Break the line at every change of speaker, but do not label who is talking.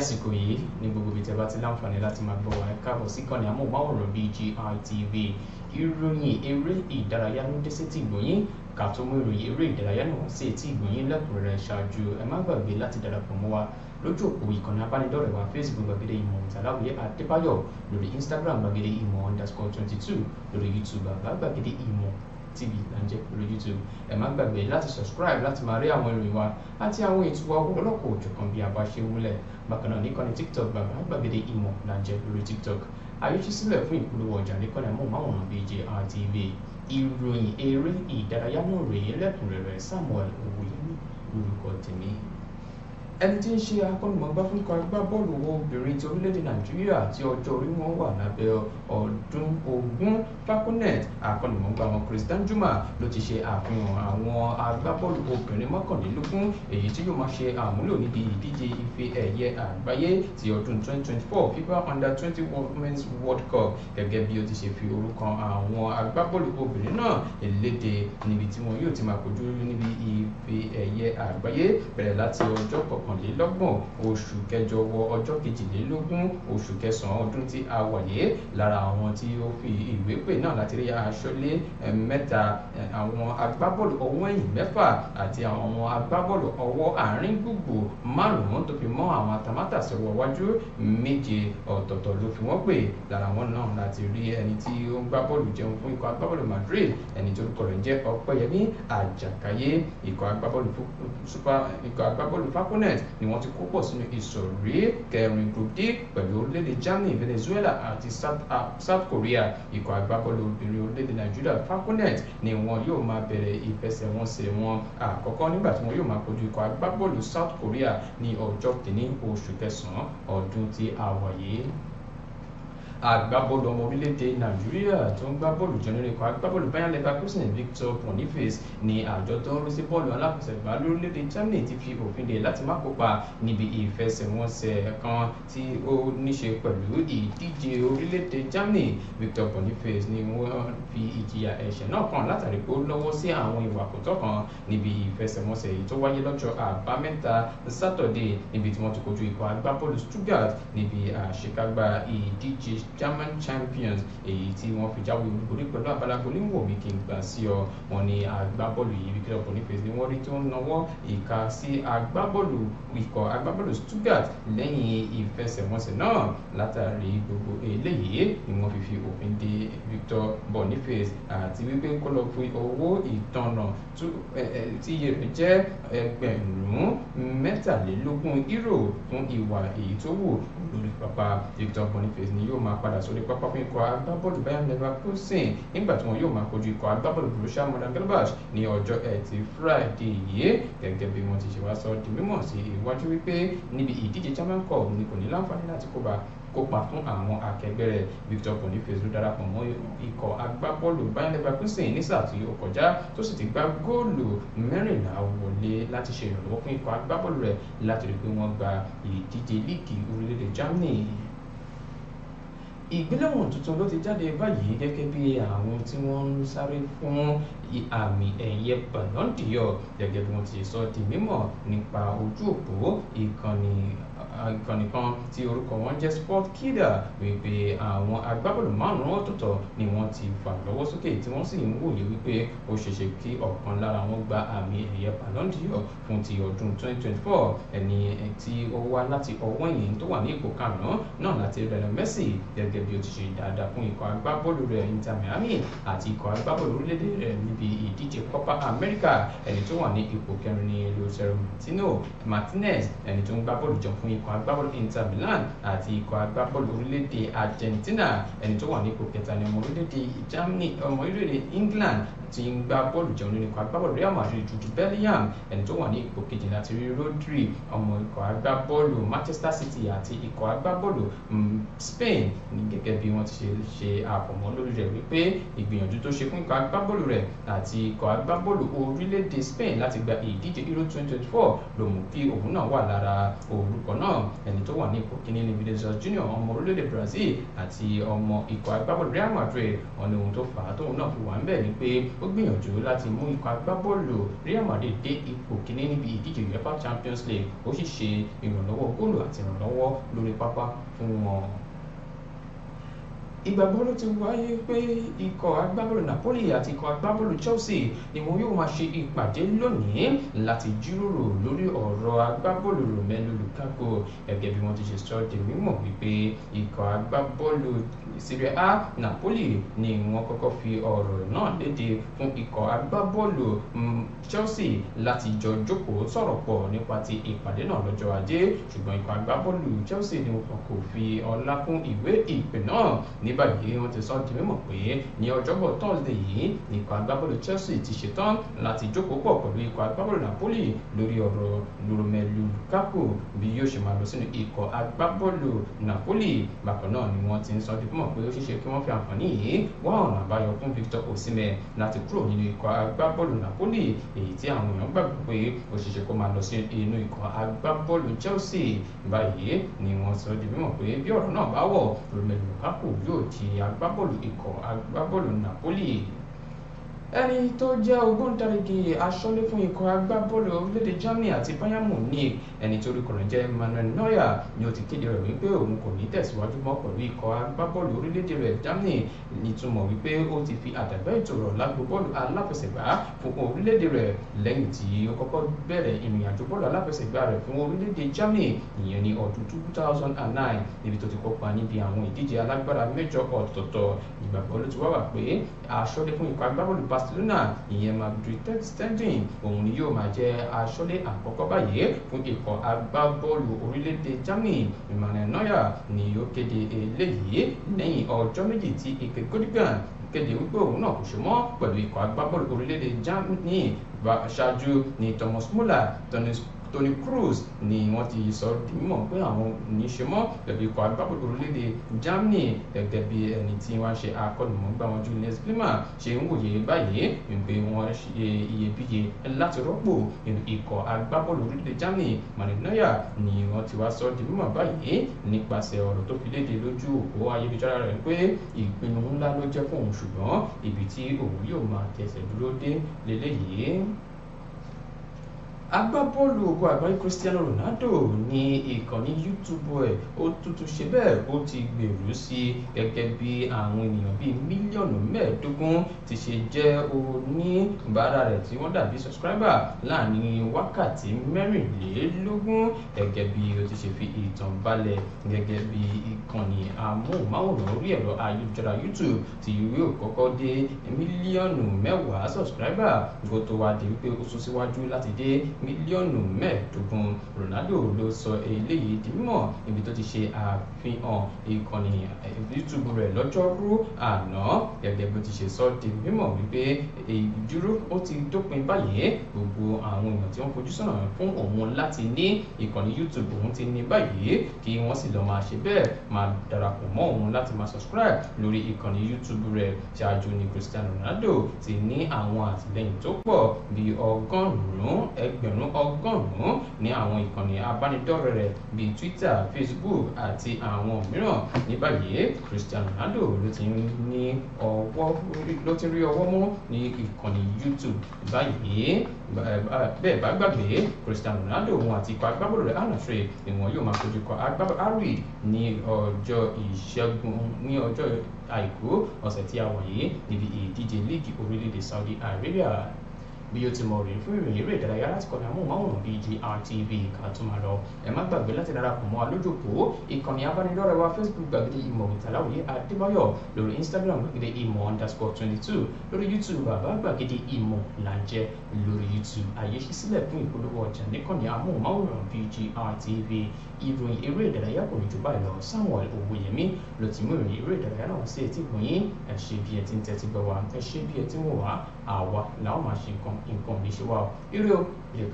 àsìkò yìí ní gbogbo ibi tẹ́ bá ti láǹfààní láti máa gbọ́ wa ẹ káàbọ̀ sí kànnì amóhùnmáwòrán BGI TV ìròyìn eré ìdárayá ló dé sí ti gbòyìn ká tó mú ìròyìn eré ìdárayá náà sí ti gbòyìn lẹ́kùnrẹ́rẹ́ ṣáájú ẹ má gbàgbé láti darapọ̀ mọ́ wa lójú òpó ìkànnì abánidọ́rẹ̀ẹ́ wa facebook gbàgede ìmọ̀ ìtàláwìyé adébáyọ̀ lórí instagram gbàgede ìmọ̀ underscore twenty two lórí youtube bàbá gbàgede ìmọ̀ TV là pẹ̀lú YouTube ẹ má gbàgbé láti subscribe láti máa rí àwọn ìròyìn wa àti àwọn ètò wa ọlọ́kọ̀ òjọ̀kan bí a bá ṣe wúlẹ̀ bákan náà níkànnì TikTok bàbá gbàgede ìmọ̀ là ń jẹ́ pẹ̀lú TikTok àyíṣí sílẹ̀ fún ìpolówó ọjà níkànnì amóhùnmáwòrán BGI TV ìròyìn eré ìdárayá náà rèé lẹ́kùnrẹ́rẹ́ Samuel Owóyẹmí lórúkọ tèmi ẹni tí ń ṣe akọ́nimọ̀ọ́gbá fún ikọ̀ agbábọ́ọ̀lù wo obìnrin ti orílẹ̀-èdè nàìjíríà tí ọjọ́ orí wọn wà lábẹ́ ọdún ogún falconet akọ́nimọ̀ọ́gbá wọn christian juma ló ti ṣe àfihàn àwọn agbábọ́ọ̀lù obìnrin mọ́kànlélógún èyí tí yóò máa ṣe àmúlò níbi ìdíje ife ẹ̀yẹ àgbáyé ti ọdún 2024 fifa under 20 women's world cup gẹ́gẹ́ bí o ti ṣe fi orúkọ àwọn agbábọ́ọ̀lù obìnrin náà léde níbi tí wọn yóò ti máa kojú níbi ife ẹ̀yẹ àgbáyé bẹ̀rẹ̀ láti ọjọ́ kọ̀ọ̀kan kọkànlélọ́gbọ̀n oṣù kẹjọ wọ ọjọ́ kejìlélógún oṣù kẹsàn-án ọdún tí a wà yìí lára àwọn tí ó fi ìwé pè náà láti rí aṣọ́lé eh, mẹ́ta eh, àwọn agbábọ́ọ̀lù ọwọ́ ẹ̀yìn mẹ́fà àti àwọn agbábọ́ọ̀lù ọwọ́ àárín gbùgbù márùn-ún tó fi mọ́ àwọn atamátàsí ọwọ́ iwájú méje ọ̀tọ̀ọ̀tọ̀ ló fi wọ́n pè lára wọn náà láti rí ẹni tí ó ń gbá bọ́ọ̀lù jẹun fún ikọ̀ agbábọ́ọ̀lù Madrid ẹni tó kọ̀ rẹ̀ jẹ́ Ọpẹ́yẹmí Àjàkáyé ikọ̀ agbábọ́ọ̀lù Falconet percent ni wọ́n ti kó pọ̀ sínú ìsọ̀rí kẹrin group d pẹ̀lú orílẹ̀-èdè germany venezuela àti south ah, korea ikọ̀ agbábọ́ọ̀lù obìnrin orílẹ̀-èdè nigeria falconet ni wọn yóò máa bẹ̀rẹ̀ ìfẹsẹ̀wọnsẹ̀ wọn àkọ́kọ́ nígbà tí wọn yóò máa kojú ikọ̀ agbábọ́ọ̀lù south korea ní ọjọ́ kìíní oṣù kẹsàn-án ọdún tí a wà yìí agbábọ́ọ̀lù ọmọ orílẹ̀-èdè nàìjíríà tó ń gbá bọ́ọ̀lù jẹnẹrẹ ikọ̀ agbábọ́ọ̀lù bayer leverkusen victor boniface ni àjọ tó ń rí sí bọ́ọ̀lù aláfẹsẹ̀gbá lórílẹ̀-èdè germany ti fi òfin de láti má kópa níbi ìfẹsẹ̀wọnsẹ̀ kan tí ó níṣe pẹ̀lú ìdíje orílẹ̀-èdè germany victor boniface ni wọ́n fi ìjìyà ẹ̀ṣẹ̀ náà kàn látàrí pé ó lọ́wọ́ sí àwọn ìwà kòtọ́ kan níbi ìfẹsẹ̀wọnsẹ̀ èyí tó wáyé lọ́jọ́ àbámẹ́ta sátọ̀dé níbi tí wọ́n ti kojú ikọ̀ agbábọ́ọ̀lù stuttgart níbi German champions èyí tí wọ́n fi jáwé olúborí pẹ̀lú abala goli wò mí kí n gbà sí ọ wọ́n ní agbábọ́ọ̀lù yìí wíkẹ́ ọ̀pọ̀ nífẹ̀ẹ́ ni wọ́n rí tó ń nawọ́ ìka sí agbábọ́ọ̀lù ikọ̀ agbábọ́ọ̀lù Stuttgart lẹ́yìn ìfẹsẹ̀wọnsẹ̀ náà látàrí gbogbo eléyìí ni wọ́n fi fi òfin de Victor Boniface àti wípé kó lọ fi owó ìtanràn tí iye rẹ̀ jẹ́ ẹgbẹ̀rún mẹ́tàlélógún euro fún ìwà èyí tó wù lórí pápá Victor Boniface ni yóò máa padà sórí pápá fún ikọ̀ agbábọ́ọ̀lù Bayer Leverkusen nígbà tí wọn yóò máa kojú ikọ̀ agbábọ́ọ̀lù Borussia Mönchengladbach ní ọjọ́ ẹtì Friday yìí gẹ́gẹ́ bí wọ́n ti ṣe wá sọ di mímọ̀ sí iwájú wípé níbi ìdíje German Cup ni kò ní láǹfààní láti kópa kópa fún àwọn akẹgbẹ́ rẹ̀ Victor kòní fèsì darapọ̀ mọ́ ikọ̀ agbábọ́ọ̀lù Bayer Leverkusen ní sáà tí ó kọjá tó sì ti gba góòlù mẹ́rìnlá wọlé láti ṣe ìrànlọ́wọ́ fún ikọ̀ agbábọ́ọ̀lù rẹ̀ láti rí i pé wọ́n gba ìdíje líìgì orílẹ̀-èdè Germany ìgbéléwọ̀n tuntun ló ti jáde báyìí gẹ́gẹ́ bí àwọn tí wọ́n ń sáré fún àmì ẹ̀yẹ Ballon d'Or gẹ́gẹ́ bí wọ́n ti sọ di mímọ̀ nípa ojú òpó ìkànnì ìkànnì kan tí orúkọ wọn jẹ́ Sportkida wípé àwọn agbábọ́ọ̀lù márùn-ún ọ̀tọ̀ọ̀tọ̀ ni wọ́n ti fà lọ́wọ́ sókè tí wọ́n sì ń wòye wípé ó ṣeéṣe kí ọ̀kan lára wọn gba àmì ẹ̀yẹ Ballon d'Or fún ti ọdún 2024 ẹni tí ó wá láti ọwọ́ ẹ̀yìn tó wà ní ipò karùn-ún náà láti Lionel Messi gẹ́gẹ́ bí ó ti ṣe dáadáa fún ikọ̀ agbábọ́ọ̀lù rẹ̀ Inter Miami àti ikọ̀ agbábọ́ọ̀lù orílẹ̀-èdè rẹ̀ níbi ìdíje Copa America ẹni tó wà ní ipò kẹrin ni Lucero Martino Martinez ẹni tó ń gbá bọ́ọ̀lù jọ ikọ̀ agbábọ́ọ̀lù Inter Milan àti ikọ̀ agbábọ́ọ̀lù orílẹ̀-èdè Argentina ẹni tó wà ní ipò kẹta ni ọmọ orílẹ̀-èdè Germany ọmọ orílẹ̀-èdè England ti ń gbá bọ́ọ̀lù jẹun nínú ikọ̀ agbábọ́ọ̀lù Real Madrid Jude Bellingham ẹni tó wà ní ipò kejì láti rí Rodri ọmọ ikọ̀ agbábọ́ọ̀lù Manchester City àti ikọ̀ agbábọ́ọ̀lù mm, Spain ní gẹ́gẹ́ bí wọ́n ti ṣe ṣe àfọ̀mọ́ lórí rẹ̀ wípé ìgbìyànjú tó ṣe fún ikọ̀ agbábọ́ọ̀lù rẹ̀ àti ikọ̀ agbábọ́ọ̀lù orílẹ̀-èdè Spain láti gba ìdíje Euro 2024 ló mú kí òun náà wà lára orúkọ náà náà ẹni tó wà ní ipò kíní ní Vinicius Junior ọmọ orílẹ̀-èdè Brazil àti ọmọ ikọ̀ agbábọ́ọ̀lù Real Madrid wọn ni ohun tó fà á tóun náà fi wà ń bẹ̀ ni pé ó gbìyànjú láti mú ikọ̀ agbábọ́ọ̀lù Real Madrid dé ipò kíní níbi ìdíje UEFA Champions League ó sì ṣe ìrànlọ́wọ́ góòlù àti ìrànlọ́wọ́ lórí pápá fún wọn ìgbàgbọ́ ti wáyé pé ikọ̀ agbábọ́ọ̀lù Napoli àti ikọ̀ agbábọ́ọ̀lù Chelsea ni wọn yóò máa ṣe ìpàdé lónìí láti jíròrò lórí ọ̀rọ̀ agbábọ́ọ̀lù Romelu Lukaku ẹ̀gẹ́ bí wọ́n ti ṣe sọ di mímọ̀ wípé ikọ̀ agbábọ́ọ̀lù Serie A Napoli ni wọ́n kọ́kọ́ fi ọ̀rọ̀ náà léde fún ikọ̀ agbábọ́ọ̀lù mm, Chelsea láti jọ jókòó sọ̀rọ̀ pọ̀ nípa ti ìpàdé náà lọ́jọ́ ajé ṣùgbọ́n ikọ̀ agbábọ́ọ̀lù Chelsea ni wọn kò fi ọlá kún ìwé ìpè báyìí wọ́n ti sọ di mímọ̀ pé ní ọjọ́bọ̀ tọ́sídẹ̀ yìí ní ikọ̀ agbábọ́ọ̀lù Chelsea ti ṣetán láti jókòó pọ̀ pẹ̀lú ikọ̀ agbábọ́ọ̀lù Napoli lórí ọ̀rọ̀ Romelu Lukaku bí yóò ṣe máa lọ sínú ikọ̀ agbábọ́ọ̀lù Napoli bákan náà ni wọ́n ti ń sọ di mímọ̀ pé ó ṣeéṣe kí wọ́n fi àǹfààní yìí wá ọ̀nà àbáyọ fún Victor Osimhen láti kúrò nínú ni wọ́n sọ di mímọ̀ pé bí ọ̀rọ̀ náà bá yóò di agbábọ́ọ̀lù ikọ̀ agbábọ́ọ̀lù Napoli ẹni tó jẹ́ ògbóǹtarìgì aṣọ́lé fún ikọ̀ agbábọ́ọ̀lù orílẹ̀-èdè Germany àti Bayern Munich ẹni tó rí kọ̀rọ̀ jẹ́ Manuel Neuer ni ó ti kéde rẹ̀ wípé òun kò ní tẹ̀síwájú mọ́ pẹ̀lú ikọ̀ agbábọ́ọ̀lù orílẹ̀-èdè rẹ̀ Germany nítumọ̀ wípé ó ti fi àdàgbà ètò rọ̀ lágbo bọ́ọ̀lù aláfẹsẹ̀gbá fún orílẹ̀-èdè rẹ̀ lẹ́yìn tí ó kọ́kọ́ bẹ̀rẹ̀ ìrìnàjò bọ́ọ̀lù aláfẹsẹ̀gbá rẹ̀ fún orílẹ̀-èdè Germany ìyẹn ní ọdún 2009 níbi tó ti kópa níbi àwọn ìdíje alágbára mẹ́jọ ọ̀tọ̀ọ̀tọ̀ ìgbàgbọ́ ló ti wá wà pé aṣọ́lé fún ikọ̀ agbábọ́ọ̀lù Barcelona ìyẹn Madrid ter Stegen òun ni yóò máa jẹ́ aṣọ́lé àkọ́kọ́ báyìí fún ikọ̀ agbábọ́ọ̀lù orílẹ̀-èdè Germany Manuel Neuer ni ó kéde eléyìí lẹ́yìn ọjọ́ méjì tí ike Gundogan kéde wípé òun náà kò ṣe mọ́ pẹ̀lú ikọ̀ agbábọ́ọ̀lù orílẹ̀-èdè Germany ṣáájú ni Thomas Muller Tony Tony Cruz ni wọ́n ti sọ di mímọ̀ pé àwọn ní ṣe mọ́ dẹ̀bi ikọ̀ agbábọ́ọ̀lù orílẹ̀-èdè Germany dẹ̀bi ẹni tí wọ́n ṣe akọ́nìmọ̀gbà wọn Julius Kliman ṣe ń wòye báyìí wípé wọ́n ṣe iyebíye láti rọ́pò ikọ̀ agbábọ́ọ̀lù orílẹ̀ Germany Manuel ni wọ́n ti wá sọ di mímọ̀ báyìí nípasẹ̀ ọ̀rọ̀ tó fi léde lójú òpó ayélujára rẹ̀ pé ìpinnu ńlá ló jẹ́ fóun ṣùgbọ́n ibi tí òun yóò máa tẹ̀sẹ̀ dúró dé leléyìí agbábọ́ọ̀lù ògo àgbáyé Cristiano Ronaldo ní ìkànnì YouTube ẹ̀ ó tuntun ṣe bẹ́ẹ̀ ó ti gbèrú sí gẹ́gẹ́ bí àwọn ènìyàn bíi mílíọ̀nù mẹ́ẹ̀ẹ́dógún ti ṣe jẹ́ oníbàárà rẹ̀ tí wọ́n dàbí subscriber láàrin wákàtí mẹ́rìnlélógún gẹ́gẹ́ bí ó ti ṣe fi ìtàn balẹ̀ gẹ́gẹ́ bí ìkànnì amóhùnmáwòrán orí ẹ̀rọ ayélujára YouTube tí yóò kọ́kọ́ dé mílíọ̀nù mẹ́wàá subscriber kó tó wá di wípé ó sún síwájú mílíọ̀nù mẹ́ẹ̀ẹ́dógún Ronaldo ló sọ eléyìí di mímọ̀ níbi tó ti ṣe àfihàn ìkànnì eh, YouTube rẹ̀ lọ́jọ́rú àná gẹ́gẹ́ bó ti ṣe sọ di mímọ̀ wípé eh, ìdúró ó ti dópin báyìí gbogbo àwọn èèyàn tí wọ́n fojú sọ̀nà fún òun láti ní ìkànnì YouTube òun ti ní báyìí kí wọ́n sì lọ máa ṣe bẹ́ẹ̀ máa darapọ̀ mọ́ òun láti máa subscribe lórí ìkànnì YouTube rẹ̀ ṣáájú ni Cristiano Ronaldo ti ní àwọn àtìlẹ́yìn tó pọ̀ bíi ọgọ́rùn-ún ẹgbẹ̀rún ẹgbẹ̀rún ọgọ́rùn-ún ní àwọn ìkànnì abánidọ́rẹ̀ẹ́ rẹ̀ bíi Twitter Facebook àti àwọn mìíràn ní báyìí Cristiano Ronaldo ló ti ní ọwọ́ ló ti rí ọwọ́ mú ní ìkànnì YouTube báyìí bẹ́ẹ̀ bá gbàgbé Cristiano Ronaldo òun àti ikọ̀ agbábọ́ọ̀lù rẹ̀ àlàfẹ́ ni wọn yóò máa kojú kọ agbábọ́ọ̀lù harry ní ọjọ́ ìṣẹ́gun ní ọjọ́ àìkú ọ̀sẹ̀ tí a wọ̀ yìí níbi ìdíje líìgì orílẹ̀-èdè Saudi Arabia bí ó ti mọ rèé fún ìròyìn eré ìdárayá láti kọ́ni amóhùnmáwòrán BGR TV kan tó máa lọ ẹ má gbàgbé láti darapọ̀ mọ́ alójòkó ìkànnì abánidọ́rẹ̀ wa Facebook gbàgede ìmọ̀ òtàláwòye adébáyọ̀ lórí Instagram gbàgede ìmọ̀ underscore twenty two lórí YouTube bàbá gbàgede ìmọ̀ làjẹ lórí YouTube àyè ṣí sílẹ̀ fún ìpolówó ọjà níkànnì amóhùnmáwòrán BGR TV ìròyìn eré ìdárayá kò ní jù báyìí lọ Samuel Owóyẹmí ló ti mú ìròyìn eré ìdárayá náà sí etí ìgbọ̀nyín ẹ ṣé bí ẹ ti ń tẹ́tí gbọ́ wa ẹ ṣé bí ẹ ti ń àwa làwọn máa ṣe nǹkan nǹkan ò ní ṣe wá o eré o lè